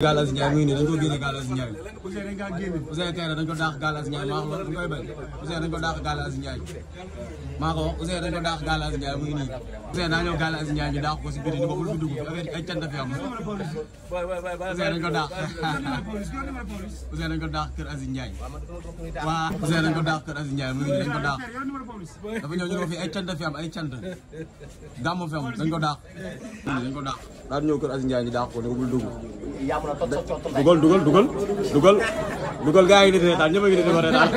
Galass Ndiaye mu ngi nii dañ ko génne Galass Ndiaye Ouzin Keita dañ ko daax Galass Ndiaye maa ko dañ koy bañ Ouzin ko daax Galass Ndiaye maa ko wax Ouzin dañ ko daax Galass Ndiaye mu ngi nii Ouzin ko si biti ni ko ko daax Ouzin dañ ko daax kër Aziz Ndiaye waa Ouzin dañ ko daax kër Aziz Ndiaye mu ngi nii dañ ko daax dafa ñëw ñu fi ay cant fi am ay cant gàmmu fi am dañ ko daax dañ ko daax daa ñëw kër Aziz Ndiaye ñu daax ko ni ko bul dugg dugal dugal dugal dugal dugal gaa yi nit reetaan ñëpp a ngi nit ko reetaan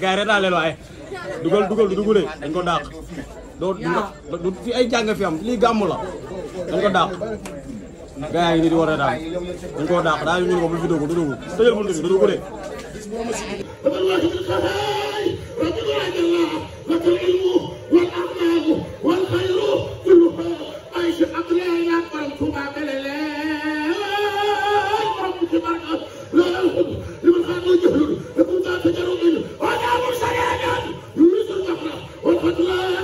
gaa yi reetaan leen waaye dugal dugal du dugalee dañ ko dàq doo du fi ay jàng fi am lii gàmm la dañ ko dàq gaa yaa ngi nii di war a daal dañ koo dàq daal ñu ko bu fi dugg du dugg tëjal buntu bi du dugg de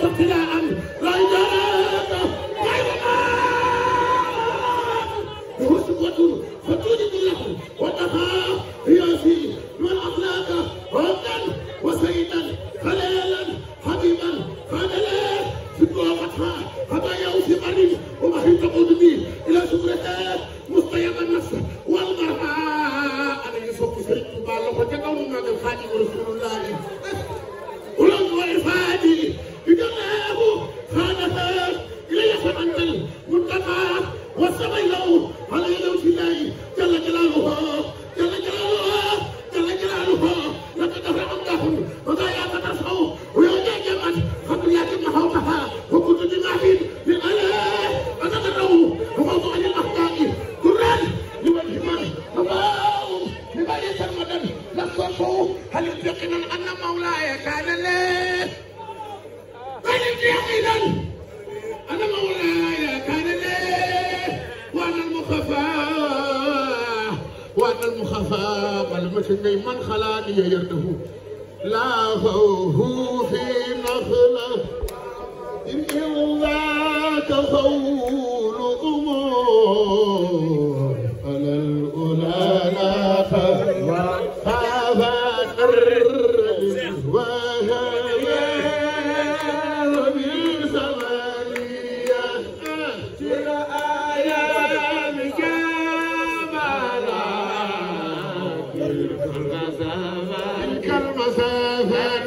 Welcome to the samay lawul المصطفى والمسلم من خلاني يرده لا خوف في نخله إلا تخول أمور على الأولى لا خير المسافة تلك المسافة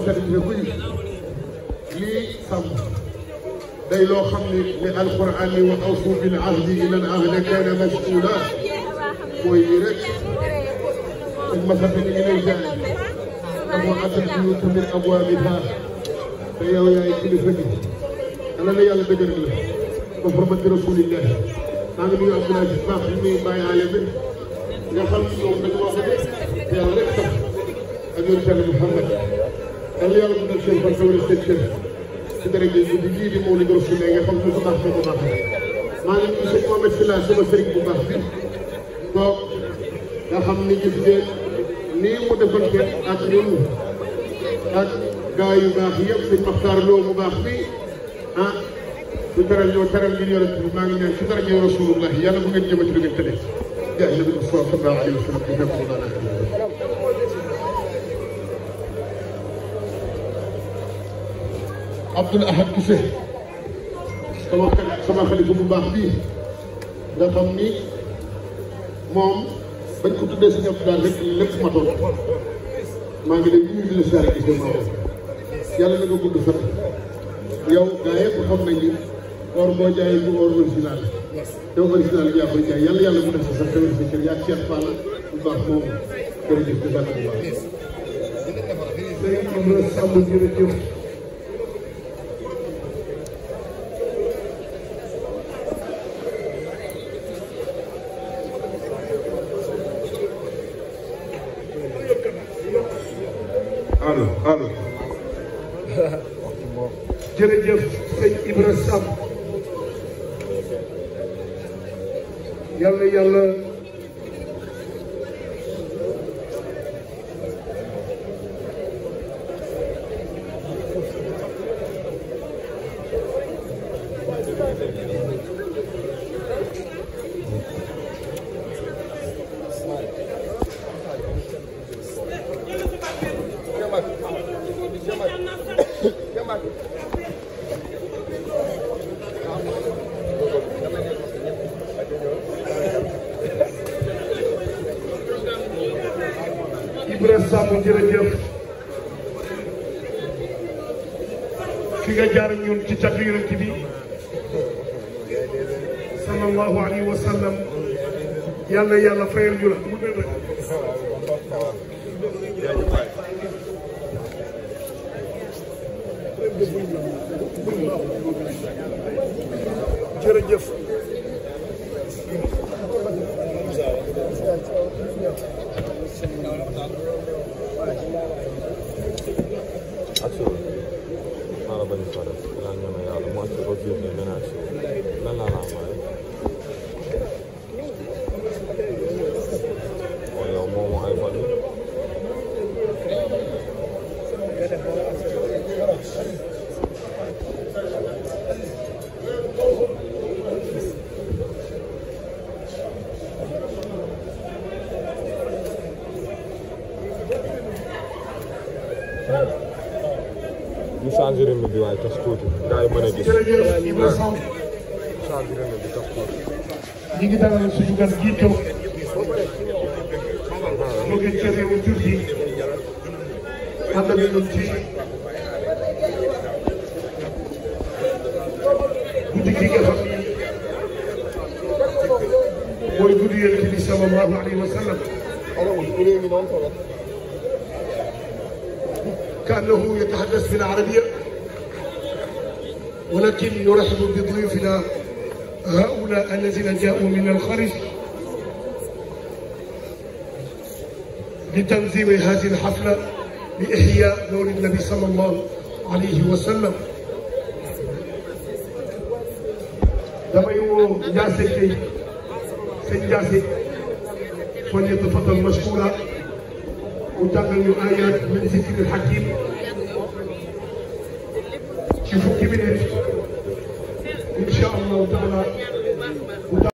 organisé ku day loo xam ni li alquran ni wa awfu bil ahdi ilal ahdi kaana mas'uula mooy rek suñ masa bi ni ngi lay jaay dama atal buyuuta min abwaabihaa te yow yaay kilifa bi yàlla na yàlla dëgëral la ba xurmati rasulillah maa ngi nuyu Abdoulaye si baax yi muy bàyyi xam ñoom dañu wax ne yàlla yàlla dundal seen fan sawar seen kër si dara ji di jii di moo li gor si léegi nga xam ne ko baax na ko baax maa ngi nuyu sëñ Mohamed Sylla sama sëriñ bu baax bi toog nga xam ni gis ngeen nii mu defante ak ñun ak gaa yu baax yëpp sëñ Maxtaar Loo mu baax bi ah su teral ñoo teral ngir yore bi maa ngi ñaan si dara ji rasulullah yàlla bu ngeen jëma ci du ngeen tëddee jaay nabi sallallahu alayhi wa sallam Abdoul Ahad Kise sama sama xalifa bu baax bii nga xam ni moom bañ ko tuddee si ñëpp daal lépp lépp matoon maa ngi lay nuyu di la siyaare Kise maa nga gudd yow gaa yëpp xam nañ ni or boo jaayee bu or original yow original bi yaa koy jaay yàlla yàlla mu def sa sa sa kër yaa ceeb Fall bu baax moomu jërëjëf di baax bu baax. jërëjëf sëñ Ibra Sam yàlla yàlla Samb jërëjëf fi nga jaar ñun ci catu yonent bi sallallahu alayhi wa sallam yàlla yàlla fayal ñu la jërëjëf assuré xaaral ba ba biir ne dana assuré lan laa la amalee. mooy yow moomu ay fan ñu changé rythme bi waaye tas tuuti gars yi mën a gis. changé rythme bi tas tuuti. ñu ngi dalal suñu gan gii toog jóge ca réewu Turquie ànd ak ñun ci guddi gi nga xam ni mooy guddi yéen bi sallallahu alayhi wa sallam كأنه يتحدث في العربية ولكن نرحب بضيوفنا هؤلاء الذين جاءوا من الخارج لتنظيم هذه الحفلة لإحياء دور النبي صلى الله عليه وسلم damay woo Ndiassé Gueye sëñ Ndiassé kon yëpp dafa doon mashkura mu jàngal ñu ayat min zikril hakim ci fukki minute incha allahu taala